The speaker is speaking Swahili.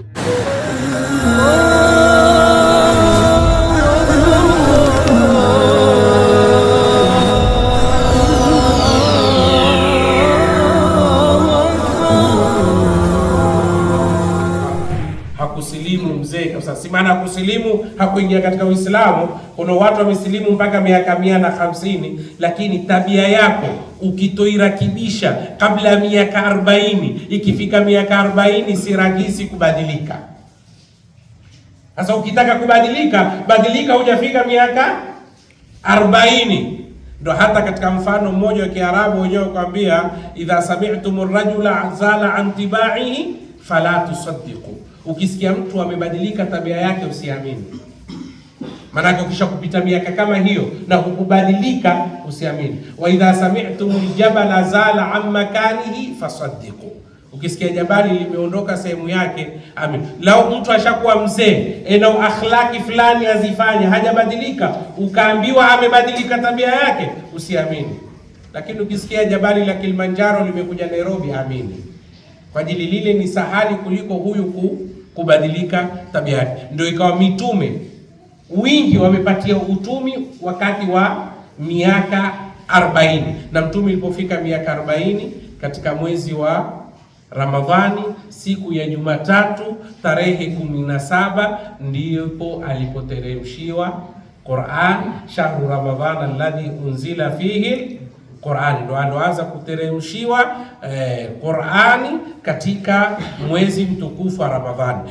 you kusilimu mzee kabisa, si maana kusilimu hakuingia katika Uislamu. Kuna watu wamesilimu mpaka miaka mia na hamsini, lakini tabia yako ukitoirakibisha kabla ya miaka arobaini, ikifika miaka arobaini si rahisi kubadilika. Sasa ukitaka kubadilika, badilika hujafika miaka arobaini. Ndo hata katika mfano mmoja wa Kiarabu wenyewe kwambia, idha sami'tum rajula zala an tibaihi fala tusaddiqu Ukisikia mtu amebadilika tabia yake usiamini, maanake ukisha kupita miaka kama hiyo na kukubadilika usiamini. wa idha sami'tum ljabala zala an makanihi fasaddiqu, ukisikia jabali limeondoka sehemu yake amini. Lau mtu ashakuwa mzee enao akhlaki fulani azifanye hajabadilika, ukaambiwa amebadilika tabia yake usiamini. Lakini ukisikia jabali la Kilimanjaro limekuja Nairobi, amini, kwa ajili lile ni sahali kuliko huyu kubadilika tabia yake, ndio ikawa mitume wingi wamepatia utumi wakati wa miaka 40 na mtume ilipofika miaka 40 katika mwezi wa Ramadhani siku ya Jumatatu tarehe kumi na saba ndipo alipoteremshiwa Qur'an, shahru ramadhana alladhi unzila fihi Qur'ani, ndo aloanza kuteremshiwa eh, Qur'ani katika mwezi mtukufu wa Ramadhani.